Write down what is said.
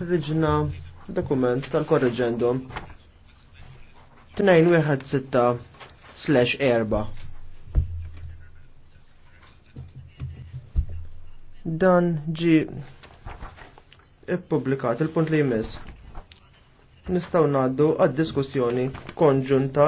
Riġna dokument tal-korreġendum 216 erba'. Dan ġi ippubblikat il-punt li jmiss. Nistaw naddu għad-diskussjoni konġunta